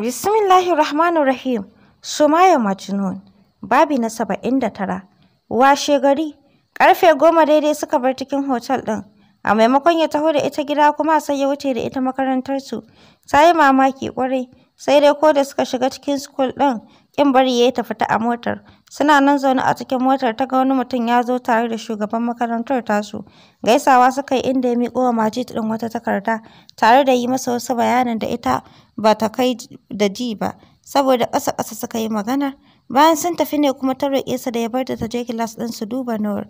Bismillahir Rahmanir Rahim. Sumaya Majnun. Babi na saba'in da tara. Washe gari. Karfe goma daidai suka bar cikin hotel din. A maimakon ya taho da ita gida kuma sai ya wuce da ita makarantarsu. Ta yi mamaki kwarai. Sai dai ko da suka shiga cikin school din, kin bari ya tafi ta a motar. Suna nan zaune a cikin motar ta ga wani mutum ya zo tare da shugaban makarantar ta su. Gaisawa suka yi inda ya miƙo wa Majid din wata takarda tare da yi masa wasu bayanan da ita ba ta kai da ji ba saboda ƙasa ƙasa suka yi magana bayan sun tafi ne kuma ta roƙe sa da ya bar da ta je kilas ɗin su duba nur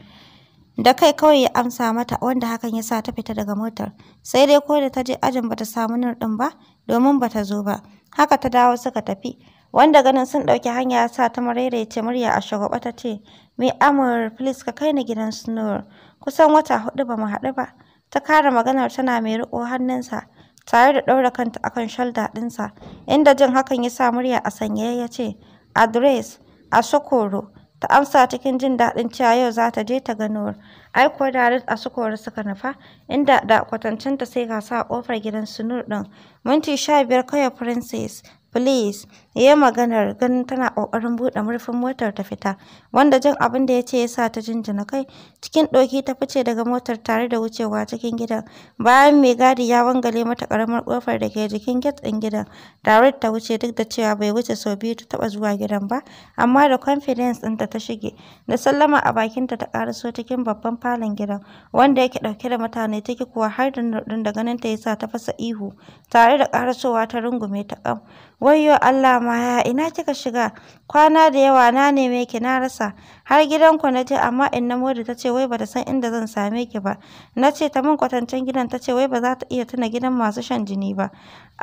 da kai kawai ya amsa mata wanda hakan ya sa ta fita daga motar sai dai ko da ta je ajin bata samu nur ɗin ba domin bata zo ba haka ta dawo suka tafi wanda ganin sun ɗauki hanya ya sa ta maraice murya a shagwaɓa ta ce mai amur please ka kai ni gidan snor kusan wata hudu ba mu haɗu ba ta kara maganar tana mai riƙo hannunsa tare da ɗaura kanta akan shalda ɗinsa, inda jin hakan ya sa murya a sanye ya ce, Adres, a Sokoro, ta amsa cikin jin daɗin cewa yau za ta je ta gano Ai kuwa da a sukoro suka nufa, inda da kwatancinta sai gasa a ƙofar gidan sunur ɗin. Minti sha biyar kawai Princess Please, ya maganar ganin tana ƙoƙarin buɗe murfin motar ta fita, wanda jin abin da ya ce ya sa ta jinjina kai, cikin ɗoki ta fice daga motar tare da wucewa cikin gidan. Bayan mai gadi ya wangale mata ƙaramar ƙofar da ke jikin gate ɗin gidan, tare ta wuce duk da cewa bai wuce sau biyu ta taɓa zuwa gidan ba, amma da confidence ɗinta ta shige, da sallama a bakinta ta ƙaraso cikin babban falon gidan, wanda yake ɗauke da mutane ciki kuwa har da da ganin ta ya sa ta fasa ihu, tare da ƙarasowa ta rungume ta ƙam. wayyo Allah ma ya? ina kika shiga kwana da yawa na neme ki na rasa har gidanku na je amma inna Modi ta ce wai ba ta san inda zan same ki ba na ce ta min kwatancen gidan ta ce wai ba za ta iya tuna gidan masu shan jini ba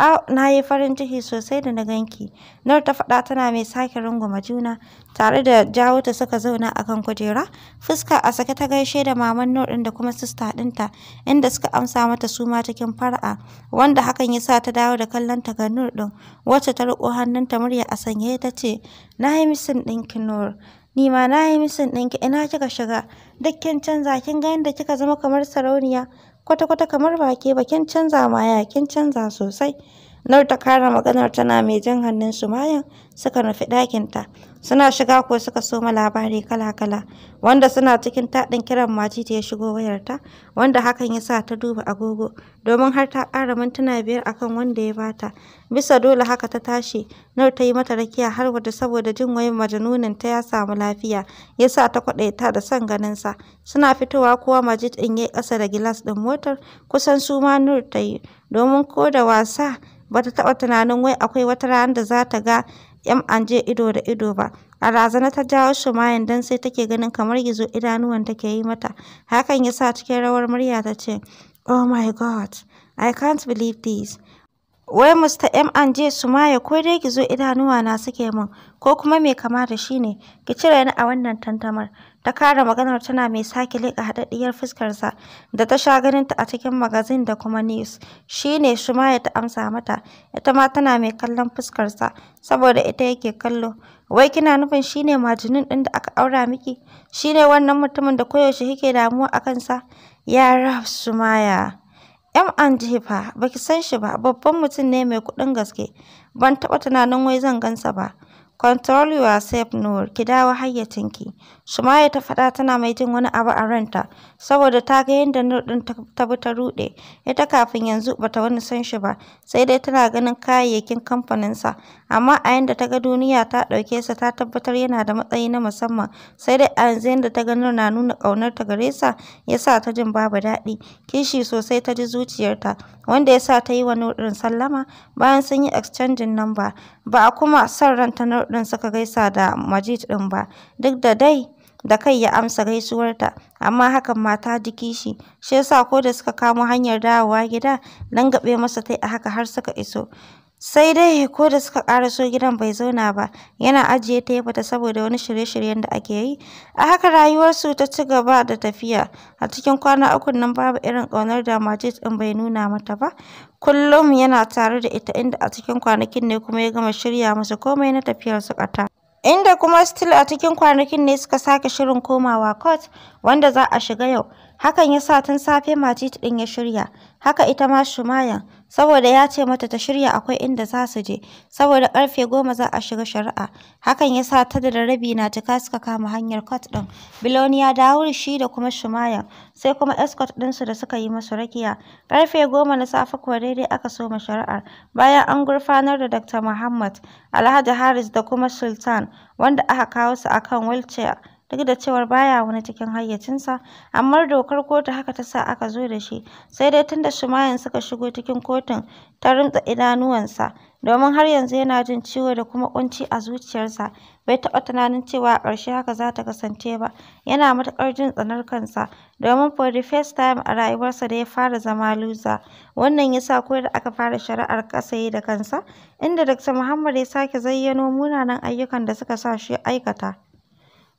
Ah, na yi farin ciki sosai da na ganki. nar ta faɗa tana mai sake runguma juna, tare da jawo ta suka zauna a kan kujera. Fuska a sake ta gaishe da maman Nur ɗin da kuma sista ɗinta, inda suka amsa mata suma ma cikin fara'a, wanda hakan ya sa ta dawo da kallon ta ga Nur ɗin, wacce ta riƙo hannunta murya a sanye ta ce, Na yi misin ɗinki Nur. Ni ma na yi misin ɗinki ina kika shiga, duk kin canza kin ga yadda kika zama kamar sarauniya. kwata-kwata kamar ba ke canza ma yakin canza sosai nar ta kara maganar tana mai jan hannun Sumayan suka nufi ɗakinta. Suna shiga ko suka soma labari kala-kala, wanda suna cikin taɗin kiran ta ya shigo wayarta, wanda hakan ya sa ta duba agogo, domin har ta ƙara mintuna biyar akan wanda ya bata. Bisa dole haka ta tashi, Nur ta yi mata rakiya har wata saboda jin wayin majanunin ta ya samu lafiya, ya sa ta kwaɗaita da son sa Suna fitowa kuwa Majid ɗin ya yi ƙasa da gilas ɗin motar, kusan su ma Nur ta yi, domin ko da wasa ba ta taɓa tunanin wai akwai wata rana da za ta ga ‘yan anje ido da ido ba. A razana ta jawo shumayin don sai take ganin kamar gizo idanuwan take yi mata. Hakan ya sa cikin rawar murya ta ce, Oh my God, I can't believe this. Wai Mr. M and J ko dai gizo zo idanuwa na suke mun, ko kuma mai kama da shi ne ki cire ni a wannan tantamar ta kara maganar tana mai sake leƙa haɗaɗɗiyar fuskarsa da ta sha ganinta a cikin magazin da kuma news shi ne ya ta amsa mata ita ma tana mai kallon fuskarsa saboda ita yake kallo wai kina nufin shi ne majinin ɗin da aka aura miki shi ne wannan mutumin da koyaushe kike damuwa a kansa ya raf shumaya M and fa baki san shi ba babban mutum ne mai kuɗin gaske ban taɓa tunanin wai zan gansa ba control yourself Nur ki dawo hayyacinki Sumaya ta faɗa tana mai jin wani abu a ranta saboda ta ga yadda Nur ɗin ta bi ta ruɗe. Ita kafin yanzu bata wani san shi ba sai dai tana ganin kayayyakin kamfaninsa amma a yanda ta ga duniya ta ɗauke sa ta tabbatar yana da matsayi na musamman sai dai a yanzu yadda ta ga na nuna ta gare sa ya sa ta jin babu daɗi kishi sosai ta ji zuciyarta wanda ya sa ta yi wa Nur sallama bayan sun yi exchanging number ba a kuma son ranta Nur ɗin suka gaisa da Majid ɗin ba duk da dai da kai ya amsa gaisuwarta, amma hakan mata ta ji kishi, shi yasa ko da suka kamo hanyar dawowa gida, Nan gaɓe masa tai a haka har suka iso. Sai dai ko da suka ƙara so gidan bai zauna ba, yana ajiye ta ya bata, saboda wani shirye-shiryen da ake yi. A haka rayuwarsu ta ci gaba da tafiya. A cikin kwana ukun nan babu irin ƙaunar da Majid ɗin bai nuna mata ba. Kullum yana tare da ita inda a cikin kwanakin ne kuma ya gama shirya masu komai na tafiyar su ƙata. inda kuma still a cikin kwanakin ne suka sake shirin komawa court wanda za a shiga yau hakan ya sa tun safe matit ɗin ya shirya haka ita ma Shumaya, saboda ya ce mata ta shirya akwai inda za su je, saboda ƙarfe goma za a shiga shari'a. Hakan ya sa ta da rabi na cika suka kama hanyar kot ɗin. Biloni ya dawo shi da kuma Shumaya, sai kuma escort ɗinsu da suka yi masu rakiya. Ƙarfe goma na safe kuwa daidai aka soma shari'ar, bayan an gurfanar da Dr. Muhammad, Alhaji Haris da kuma Sultan, wanda aka kawo su a kan wheelchair. duk da cewar baya wani cikin hayyacinsa amma dokar kotu haka ta sa aka zo da shi sai dai tunda shumayin suka shigo cikin kotun ta rinta idanuwansa domin har yanzu yana jin ciwo da kuma kunci a zuciyarsa bai taɓa tunanin cewa a ƙarshe haka za ta kasance ba yana matuƙar jin tsanar kansa domin for the first time a rayuwarsa da ya fara zama loser wannan ya sa ko da aka fara shari'ar kasaye da kansa inda Dr. Muhammad ya sake zayyano munanan ayyukan da suka sa shi aikata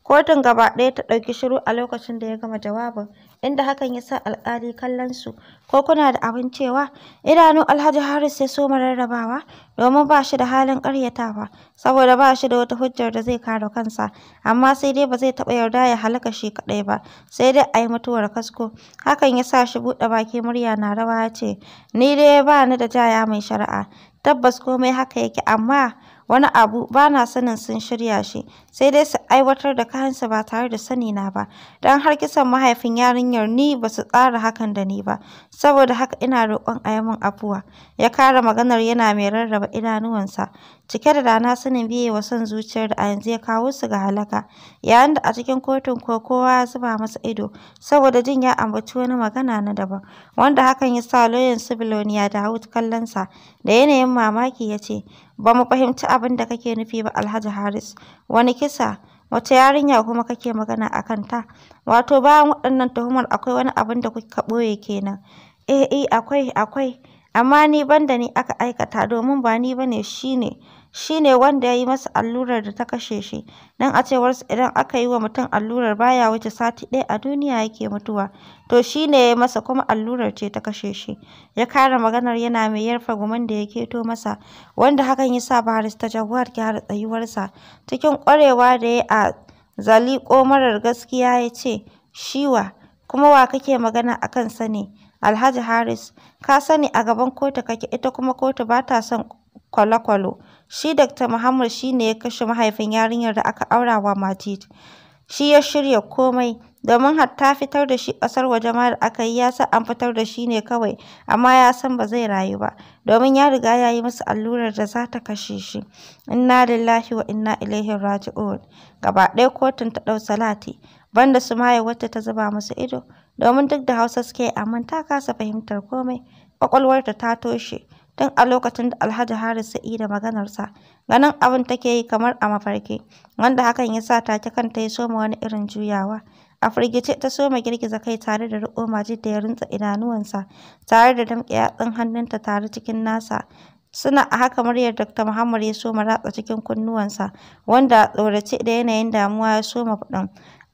Kotun gaba ɗaya ta ɗauki shiru a lokacin da ya gama jawabin, inda hakan ya sa alƙali kallon su. Ko kuna da abin cewa? Idanun Alhaji Haris ya soma rarrabawa domin ba shi da halin ƙaryatawa, saboda ba shi da wata hujjar da zai kare kansa, amma sai dai ba zai taɓa yarda ya halaka shi kaɗai ba, sai dai a yi mutuwar kasko. Hakan ya sa shi buɗe baki murya na rawa ya ce, Ni dai ba ni da jaya mai shari'a, tabbas komai haka yake amma wani abu ba na sanin sun shirya shi, sai dai su aiwatar da kayansa ba tare da sani na ba, don har kisan mahaifin yarinyar ni ba su tsara hakan da ni ba, saboda haka ina roƙon a yi min afuwa. Ya kara maganar yana mai rarraba idanuwansa, cike da dana sanin biye wa son zuciyar da a yanzu ya kawo su ga halaka, yayin da a cikin kotun ko kowa ya zuba masa ido, saboda jin ya ambaci wani magana na daban, wanda hakan ya sa lauyan Sibiloniya Dawud kallonsa da yanayin mamaki ya ce, ba mu fahimci abin da kake nufi ba Alhaji Haris wani kisa wata yarinya kuma kake magana a kanta wato bayan waɗannan tuhumar akwai wani abin da kuka ɓoye kenan eh eh akwai akwai amma ni banda ni aka aikata domin ba ni bane shine shi ne wanda ya yi masa allurar da ta kashe shi, don a cewar su idan aka yi wa mutum allurar baya ya wuce sati ɗaya a duniya yake mutuwa, to shi ne ya yi masa kuma allurar ce ta kashe shi. Ya kare maganar yana mai yarfa gumin da ya keto masa, wanda hakan ya sa baris ta Jaguar gyara tsayuwarsa. Cikin ƙwarewa da ya a zali marar gaskiya ya ce, shiwa kuma wa kake magana a kansa Alhaji Haris, ka sani a gaban kotu kake ita kuma kotu ba ta son kwale-kwale. Shi Dr. Muhammad shi ne ya kashe mahaifin yarinyar da aka aura wa Majid. Shi ya shirya komai, domin hatta fitar da shi ƙasar waje ma da aka yi ya sa an fitar da shi ne kawai, amma ya san ba zai rayu ba, domin ya riga ya yi musu allurar da za ta kashe shi. Inna lillahi wa inna ilaihi raji'un. Gaba ɗaya kotun ta ɗau salati, banda su maye wata ta zuba musu ido, domin duk da Hausa suke amma ta kasa fahimtar komai, ƙwaƙwalwarta ta toshe. tun a lokacin da Alhaji Haris yi da maganarsa. Ganin abin take yi kamar a mafarki, wanda hakan ya sa take kanta ya soma wani irin juyawa. A firgice ta soma girgiza kai tare da riƙo maji da ya rintsa idanuwansa, tare da damƙe yatsun hannunta tare cikin nasa. Suna a haka muryar Dr. Muhammad ya soma ratsa cikin kunnuwansa, wanda tsorace da yanayin damuwa ya soma kuɗin.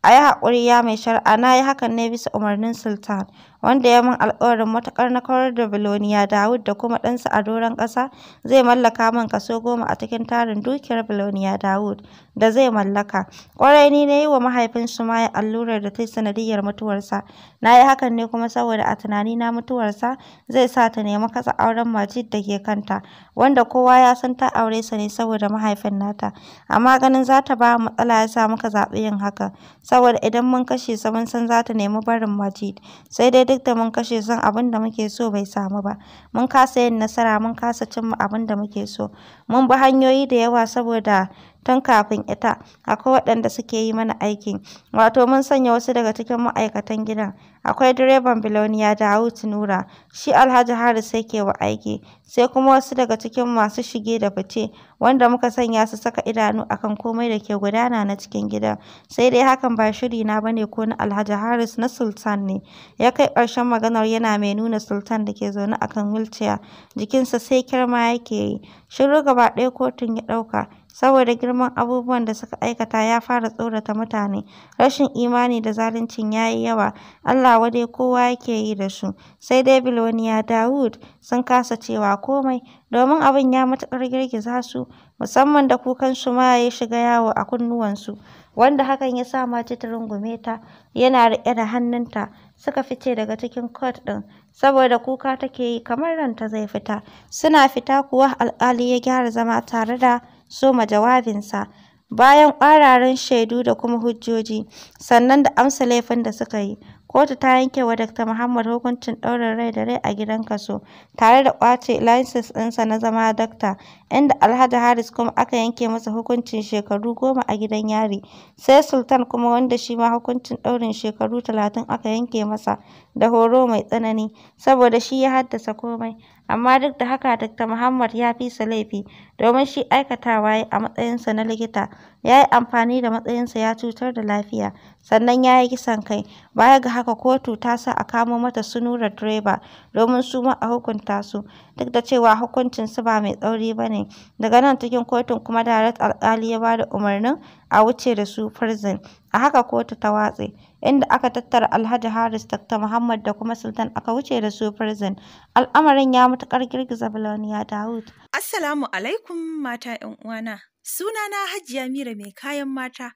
A yi haƙuri ya mai shari'a, na yi hakan ne bisa umarnin Sultan. wanda ya min alƙawarin matuƙar na kawar da biloniya Dawud da kuma ɗansa a doron ƙasa, zai mallaka min kaso goma a cikin tarin dukiyar biloniya Dawud da zai mallaka. Ƙwarai ni na yi wa mahaifin maye allurar da ta yi sanadiyyar mutuwarsa. Na yi hakan ne kuma saboda a tunani na mutuwarsa zai sa ta nemi katsa auren Majid da ke kanta, wanda kowa ya san ta aure sa ne saboda mahaifin nata. Amma ganin za ta ba matsala ya sa muka zaɓi yin haka saboda idan mun kashe sa mun san za ta nemi barin Majid. Sai dai duk da mun kashe zan abin da muke so bai samu ba mun kasa yin nasara mun kasa cimma abin da muke so mun bi hanyoyi da yawa saboda tun kafin ita akwai waɗanda suke yi mana aiki wato mun sanya wasu daga cikin ma'aikatan gidan akwai direban biloniya da Nura shi Alhaji Haris yake wa aiki sai kuma wasu daga cikin masu shige da fice wanda muka sanya su saka idanu akan komai da ke gudana na cikin gidan sai dai hakan ba shiri na bane ko na Alhaji Haris na Sultan ne ya kai ƙarshen maganar yana mai nuna Sultan da ke zaune akan wilciya jikinsa sai kirma yake yi shiru gaba ɗaya kotun ya ɗauka saboda girman abubuwan da suka aikata ya fara tsorata mutane. Rashin imani da zaluncin ya yi yawa, Allah wadai kowa yake yi da su. Sai dai Biloniya Dawud sun kasa cewa komai, domin abin ya matuƙar girgiza su, musamman da kukan su ma ya shiga yawo a kunnuwansu, wanda hakan ya sa ma titirin gume ta, yana riƙe da hannunta, suka fice daga cikin kot ɗin. saboda kuka take yi kamar ranta zai fita. Suna fita kuwa alƙali ya gyara zama tare da soma jawabinsa, bayan ƙwararan shaidu da kuma hujjoji, sannan da amsa laifin da suka yi. Kotu ta yanke wa Dr. Muhammad hukuncin ɗaurin rai da rai a gidan kaso tare da kwace layisis ɗinsa na zama dakta, inda Alhaji Haris kuma aka yanke masa hukuncin shekaru goma a gidan yari, sai Sultan kuma wanda shi ma hukuncin ɗaurin shekaru talatin aka yanke masa da horo mai tsanani saboda shi ya haddasa komai. Amma duk da haka Dr. Muhammad ya fi sa laifi domin shi aikatawa ya a matsayinsa na likita. ya yi amfani da matsayinsa ya cutar da lafiya, sannan ya yi kisan kai. Baya ga haka, kotu ta sa a kamo mata su direba domin su ma a hukunta su, duk da cewa hukuncin su ba mai tsauri ba ne. Daga nan cikin kotun kuma Darat alkali ya ba da umarnin a wuce da su prison. A haka kotu ta watse, inda aka tattara Alhaji Haris Dr. Muhammad da kuma Sultan aka wuce da su prison. Al'amarin ya matuƙar girgiza baloniya Dawud. Assalamu alaikum mata 'yan uwana. Sunana Hajiya Mira mai kayan mata,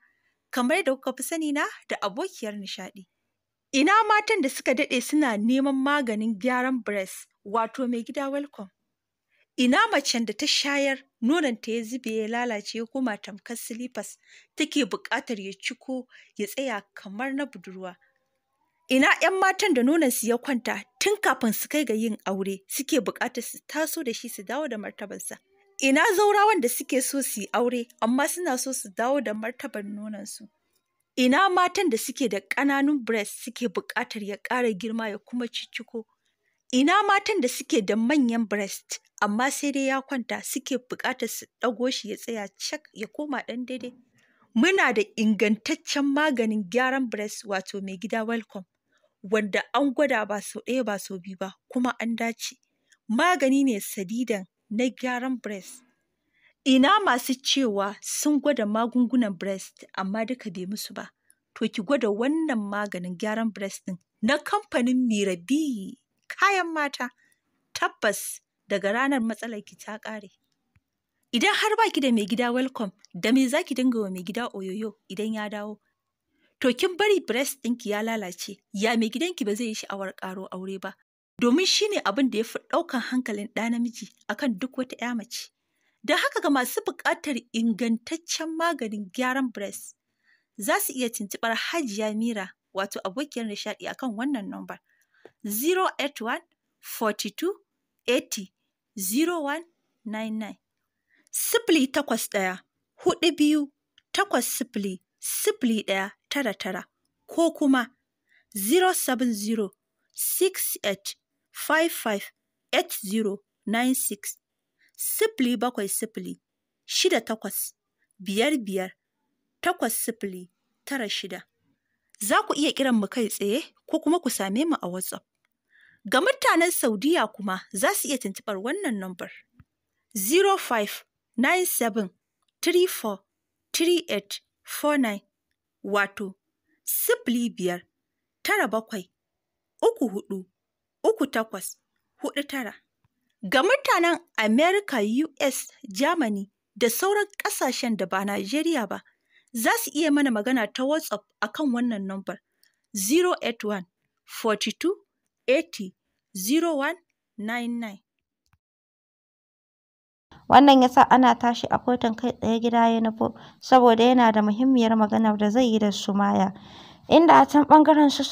kamar da kuka fi sani na da abokiyar nishaɗi. Ina matan da suka daɗe suna neman maganin gyaran breast wato mai gida welcome. Ina macen da ta shayar nonon ta ya zube ya lalace ya koma tamkar slippers take buƙatar ya ciko ya tsaya kamar na budurwa. Ina 'yan matan da nonon su ya kwanta tun kafin su kai ga yin aure suke buƙatar su taso da shi su dawo da martabarsa. ina zaurawan da suke so su yi aure amma suna so su dawo da martabar nonansu ina matan da suke da ƙananun breast suke buƙatar ya ƙara girma ya kuma cicciko ina matan da suke da manyan breast amma sai dai ya kwanta suke buƙatar su ɗago shi ya tsaya cak ya koma ɗan daidai muna da ingantaccen maganin gyaran breast wato mai gida welcome wanda an gwada ba sau ɗaya ba sau biyu ba kuma an dace magani ne sadidan na gyaran breast ina masu cewa sun gwada magungunan breast amma duka bai musu ba to ki gwada wannan maganin gyaran breast din na kamfanin mirabi kayan mata tabbas daga ranar matsalar ki ta ƙare idan har ba ki da mai gida welcome da me zaki dinga wa mai gida oyoyo idan ya dawo to kin bari breast ɗinki ya lalace ya mai gidanki ba zai yi sha'awar ƙaro aure ba domin shi ne abin da ya fi ɗaukan hankalin ɗa namiji akan duk wata ‘ya mace. Don haka ga masu buƙatar ingantaccen maganin gyaran breast, za su iya tuntuɓar Hajiya Mira wato abokiyar nishaɗi akan wannan nombar 081 42 80 99 sifili takwas ɗaya huɗu biyu takwas sifili sifili ɗaya tara tara ko kuma 070 68 558096 0700 68 55 8096. Za ku iya kiran mu kai tsaye ko kuma ku same mu a WhatsApp. Ga mutanen Saudiya kuma za su iya tuntuɓar wannan nambar 0597 34 38 49 wato sifili biyar tara bakwai uku hudu uku takwas hudu tara. Ga mutanen Amerika, US, Germany da sauran ƙasashen da ba Najeriya ba, za su iya mana magana ta WhatsApp a kan wannan nambar 081 42 80 0199. Wannan ya sa ana tashi a kotun kai tsaye gida ya nufo, saboda yana da muhimmiyar maganar da zai yi da Sumaya. inda a can ɓangaren su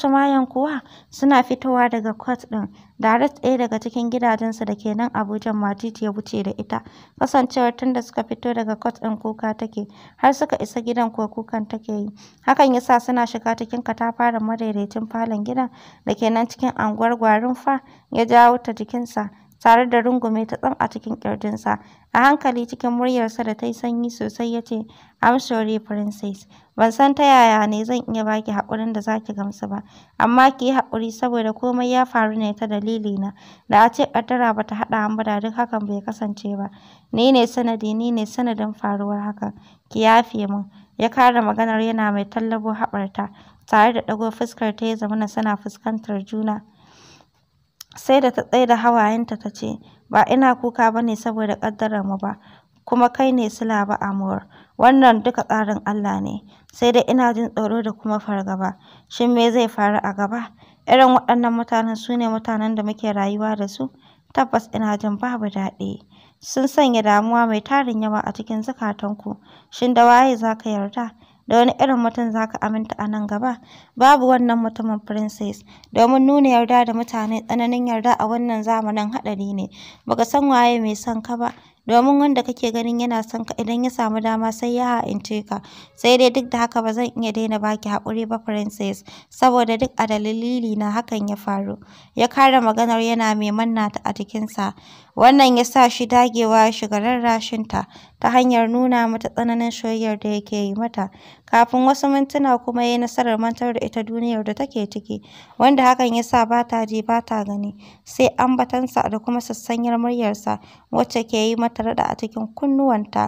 kuwa suna fitowa daga kwat ɗin, Direct ɗaya daga cikin gidajensu da ke nan Abuja matiti ya wuce da ita, kasancewar tun da suka fito daga kwat ɗin kuka take, har suka isa gidan kuwa kukan take yi. Hakan yasa suna shiga cikin katafaren madaidaicin falon gidan da ke nan cikin unguwar Gwarin fa ya jawo ta jikinsa. tare da rungume ta tsam a cikin ƙirjinsa. A hankali cikin muryarsa da ta yi sanyi sosai ya ce, I'm princess. Ban san ta yaya ne zan iya baki haƙurin da zaki gamsu ba, amma ki yi haƙuri saboda komai ya faru ne ta dalili na Da a ce ƙaddara bata ta haɗa an ba da duk hakan bai kasance ba. Ni ne sanadi, ni ne sanadin faruwar hakan. Ki yafe min. Ya kare maganar yana mai tallabo haɓarta, tare da ɗago fuskar ta ya zamana suna fuskantar juna. Sai da ta da hawayenta ta ce, ba ina kuka ba ne saboda ƙaddararmu ba, kuma kai ne sila ba Amor. Wannan duka tsarin Allah ne, sai dai ina jin tsoro da kuma fargaba. Shin me zai faru a gaba? Irin waɗannan mutanen su ne mutanen da muke rayuwa da su? Tabbas ina jin babu daɗi. Sun sanya damuwa mai tarin yawa a cikin zukatanku. Shin da waye za ka yarda? Da wani irin mutum za ka aminta a nan gaba? Babu wannan mutumin Princess. Domin nuna yarda da mutane, tsananin yarda a wannan zamanin haɗari ne. Baka san waye mai son ka ba. domin wanda kake ganin yana son ka idan ya samu dama sai ya ha'ince ka sai dai duk da haka ba zan iya daina baki haƙuri ba princess saboda duk a dalili na hakan ya faru ya kare maganar yana mai manna ta a jikinsa wannan ya sa shi dagewa ya shiga rarrashinta ta hanyar nuna mata tsananin soyayyar da yake yi mata kafin wasu mintuna kuma ya yi nasarar mantar da ita duniyar da take ciki wanda hakan ya sa ba ta ji ba ta gani sai ambatansa da kuma sassanyar muryarsa wacce ke yi mata ta raɗa a cikin kunnuwanta.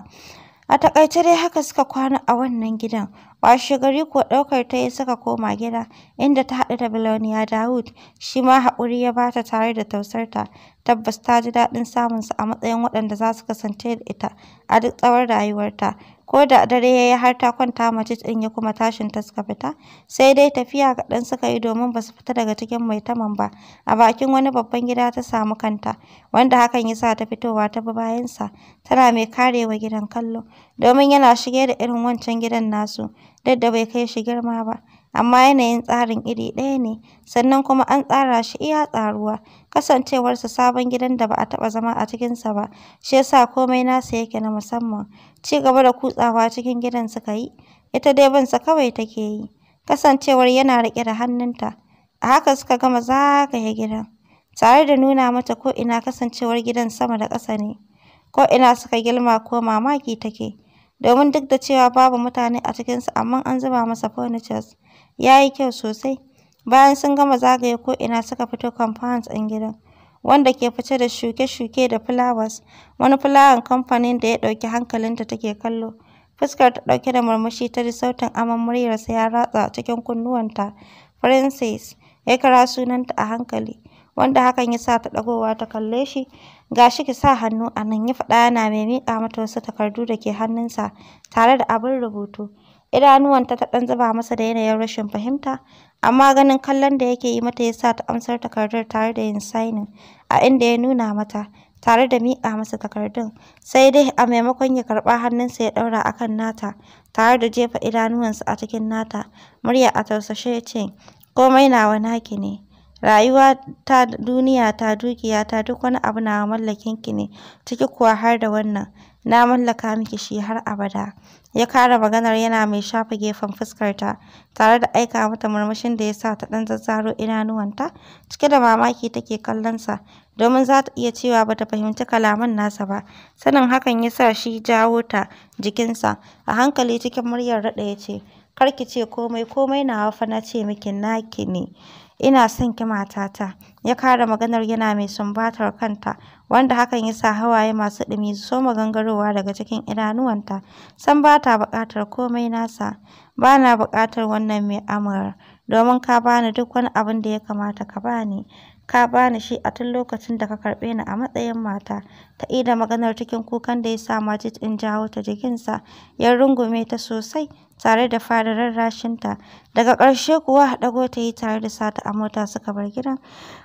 A takaice dai haka suka kwana a wannan gidan. Washegari kuwa ɗaukar ta yi suka koma gida, inda ta haɗu da Biloniya Dawood, shi ma haƙuri ya ba ta tare da tausarta. Tabbas ta ji daɗin samunsa a matsayin waɗanda za su kasance da ita a duk tsawon rayuwarta. Ko da dare ya yi har ta kwanta Majid ɗin ya kuma tashin ta suka fita, sai dai tafiya kaɗan suka yi domin ba su fita daga cikin maitaman ba. A bakin wani babban gida ta samu kanta, wanda hakan ya sa ta fitowa ta bi bayansa, tana mai karewa gidan kallo. domin yana shige da irin wancan gidan nasu, duk da bai kai shi girma ba. Amma yanayin tsarin iri ɗaya ne, sannan kuma an tsara shi iya tsaruwa, kasancewarsa sabon gidan da ba a taɓa zama a cikinsa ba, shi yasa komai nasa yake na musamman. Ci gaba da kutsawa cikin gidan suka yi, ita dai bansa kawai take yi, kasancewar yana riƙe da hannunta. A haka suka gama zagaye gidan, tare da nuna mata ko ina kasancewar gidan sama da ƙasa ne, ko ina suka gilma ko mamaki take. domin duk da cewa babu mutane a cikinsu amma an zuba masa furnitures. Ya yi kyau sosai. Bayan sun gama zagaye ko'ina suka fito compounds ɗin gidan, wanda ke fice da shuke-shuke da flowers, wani fulawan kamfanin da ya ɗauki hankalinta take kallo. Fuskar ta ɗauke da murmushi ta ji sautin aman muryarsa ya ratsa cikin kunnuwanta. Princess ya kira sunanta a hankali. wanda hakan ya sa ta ɗagowa ta kalle shi. Ga shi ki sa hannu a nan ya faɗa yana mai miƙa mata wasu takardu da ke hannunsa tare da abin rubutu. Idanuwanta ta ɗan zuba masa da yanayin rashin fahimta, amma ganin kallon da yake yi mata ya sa ta amsar takardar tare da yin sainin a inda ya nuna mata. tare da miƙa masa takardun sai dai a maimakon ya karɓa hannunsa ya ɗaura a kan nata tare da jefa idanuwansa a cikin nata murya a tausashe ya ce komai nawa naki ne Rayuwa ta, duniya ta, dukiya ta, duk wani abu na mallakin ki ne, ciki kuwa har da wannan. Na mallaka miki shi har abada. Ya kara maganar yana mai shafa gefen fuskarta, tare da aika mata murmushin da ya sa ta ɗan zazzaro idanuwanta, cike da mamaki take kallonsa, domin za ta iya cewa ba ta fahimci kalaman nasa ba. Sanin hakan ya sa shi jawo ta jikinsa, a hankali cikin muryar raɗa ya ce, Kar ki ce komai, komai na fa na ce miki naki ne. ina son ki matata ya kare maganar yana mai sumbatar kanta wanda hakan ya sa hawaye masu ɗumi su so gangarowa daga cikin idanuwanta san ba ta buƙatar komai nasa ba na buƙatar wannan mai amur domin ka bani duk wani abin da ya kamata ka bani ka bani shi a tun lokacin da ka karɓe ni a matsayin mata ta ida maganar cikin kukan da ya sa majid in jawo ta jikinsa ya rungume ta sosai tare da fara rarrashinta, daga ƙarshe kuwa haɗago ta yi tare da sata a mota suka bar gidan.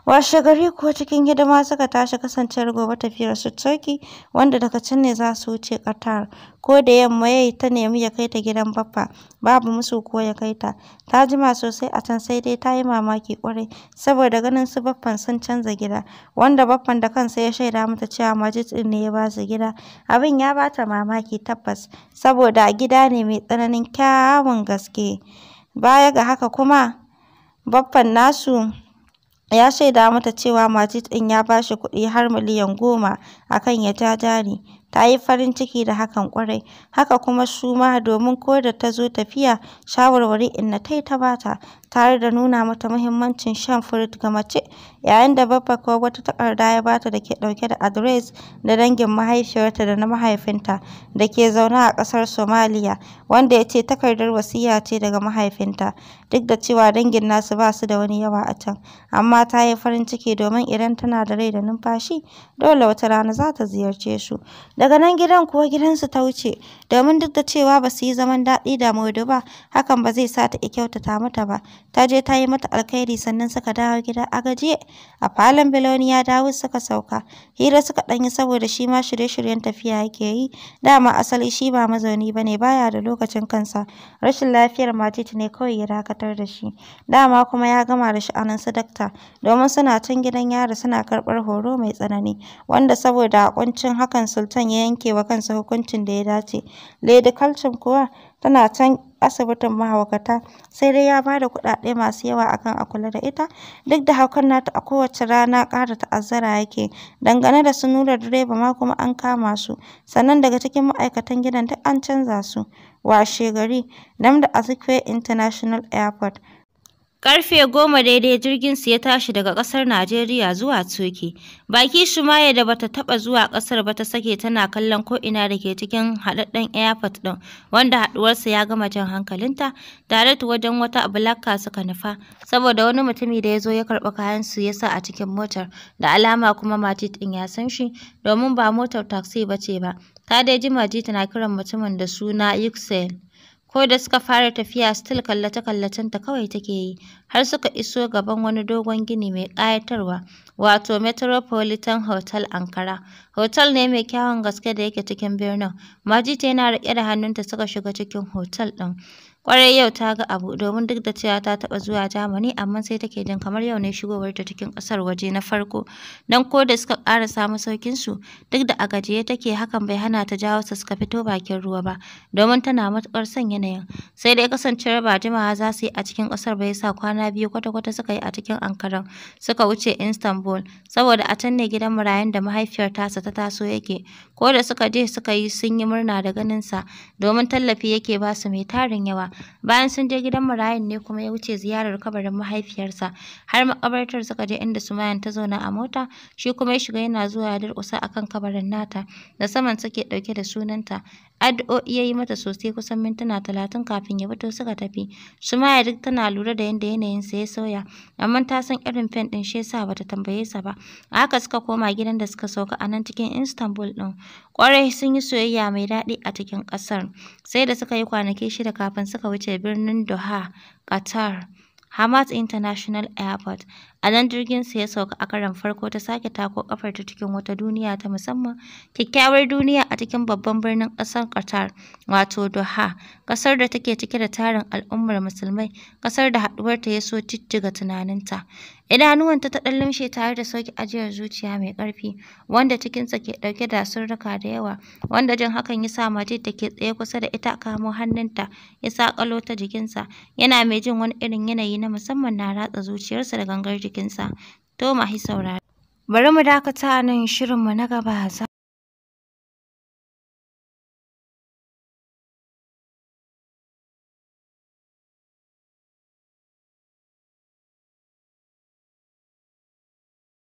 gari kuwa cikin hidima suka tashi kasancewar gobe tafiyar su Turkey wanda daga can ne za su wuce Qatar. Ko da yamma ya yi ta nemi ya kai ta gidan baffa, babu musu ko ya kai ta. Ta jima sosai a can sai dai ta yi mamaki ƙwarai saboda ganin su baffan sun canza gida, wanda baffan da kansa ya shaida mata cewa Majid ɗin ne ya ba su gida. Abin ya ba ta mamaki tabbas saboda gida ne mai tsananin kyau. kyawun gaske. Baya ga haka kuma, baffan nasu ya shaida mata cewa Majid ɗin ya ba shi kuɗi har miliyan goma akan ya ja jari. Ta yi farin ciki da hakan kwarai, Haka kuma su ma domin ko da ta zo tafiya shawarwari in na ta bata tare da nuna mata muhimmancin shan furit ga mace, yayin da babba kowa wata takarda ya bata da ke dauke da adres da dangin mahaifiyarta da na mahaifinta da ke zaune a ƙasar Somaliya, wanda ya ce takardar wasiya ce daga mahaifinta, duk da cewa dangin nasu ba su da wani yawa a can, amma ta yi farin ciki domin idan tana da rai da numfashi, dole wata rana za ta ziyarce su. Daga nan gidan kuwa gidansu ta wuce, domin duk da cewa ba su yi zaman daɗi da Maudu ba, hakan ba zai sa ta kyautata mata ba. ta je ta yi mata alkhairi sannan suka dawo gida a gajiye a falon biloni ya dawo suka sauka hira suka ɗan yi saboda shi ma shirye-shiryen tafiya yake yi dama asali shi ba mazauni bane baya da lokacin kansa rashin lafiyar matiti ne kawai ya dakatar da shi dama kuma ya gama da sha'anin su dakta domin suna can gidan yari suna karɓar horo mai tsanani wanda saboda hakuncin hakan sultan ya yanke wa kansa hukuncin da ya dace lady kalcin kuwa tana can asibitin mahaukata sai dai ya ba da kuɗaɗe masu yawa akan a kula da ita duk da haukan nata a kowace rana ƙara ta'azzara yake dangane da su nura direba ma kuma an kama su sannan daga cikin ma'aikatan gidan duk an canza su washe gari nan da Azikiwe International Airport Karfe goma daidai jirgin su ya tashi daga ƙasar Najeriya zuwa Turki. Baki Shumaya da bata taɓa zuwa ƙasar ba ta sake tana kallon ko'ina da ke cikin haɗaɗɗen airport ɗin, wanda haɗuwarsa ya gama jan hankalinta, tare da wajen wata abulakka suka nufa, saboda wani mutumi da ya zo ya karɓi kayansu ya sa a cikin motar, da alama kuma Majid ɗin ya san shi, domin ba motar taxi ba ce ba. Ta dai ji Majid na kiran mutumin da suna Yuxel. Ko da suka fara tafiya still kallace-kallacenta kawai take yi, har suka iso gaban wani dogon gini mai ƙayatarwa, wato Metropolitan Hotel Ankara. Hotel ne mai kyawun gaske da yake cikin birnin. majita yana riƙe da hannunta suka shiga cikin hotel ɗin. kwarai yau ta ga abu domin duk da cewa ta taɓa zuwa Germany amma sai take jin kamar yau ne shigowar ta cikin ƙasar waje na farko. Don ko da suka saukin su duk da a gajiye take hakan bai hana ta jawo sa suka fito bakin ruwa ba domin tana matuƙar son yanayin. Sai dai kasancewar ba jimawa za su yi a cikin ƙasar ba yasa kwana biyu kwata-kwata suka yi a cikin Ankaran suka wuce Istanbul saboda a can ne gidan marayun da mahaifiyar tasa ta taso yake. Ko da suka je suka yi sun yi murna da ganin sa domin tallafi yake ba su mai tarin yawa. bayan sun je gidan marayun ne kuma ya wuce ziyarar kabarin mahaifiyarsa har makabartar suka je inda sumayan ta zauna a mota shi kuma ya shiga yana zuwa ya durƙusa akan kabarin nata da saman suke ɗauke da sunanta addu'o'i ya yi mata sosai kusan mintuna talatin kafin ya fito suka tafi. Sumaya duk tana lura da yanayin yanayinsa ya sauya, amma ta san irin fen ɗin shi yasa bata tambaye sa ba. haka suka koma gidan da suka sauka a nan cikin Istanbul ɗin. kwarai sun yi soyayya mai daɗi a cikin ƙasar. Sai da suka yi kwanaki shida kafin suka wuce birnin Doha, Qatar. hamas International Airport. A nan jirginsa ya sauka a karon farko ta sake tako kafar ta cikin wata duniya ta musamman, kyakkyawar duniya a cikin babban birnin ƙasar Qatar, wato Doha, ƙasar da take cike da tarin al'ummar musulmai, ƙasar da ta ya so jijjiga tunaninta. Idanuwanta ta ɗan lumshe tare da sauki ajiyar zuciya mai ƙarfi, wanda cikinsa ke ɗauke da surruka da yawa, wanda jin hakan ya sa Majid da ke tsaye kusa da ita kamo hannunta, ya saƙalo ta jikinsa, yana mai jin wani irin yanayi na musamman na ratsa zuciyarsa da gangar jiki. bakinsa. Toma, hi saurari. bari mu dakata a nan shirinmu na gaba za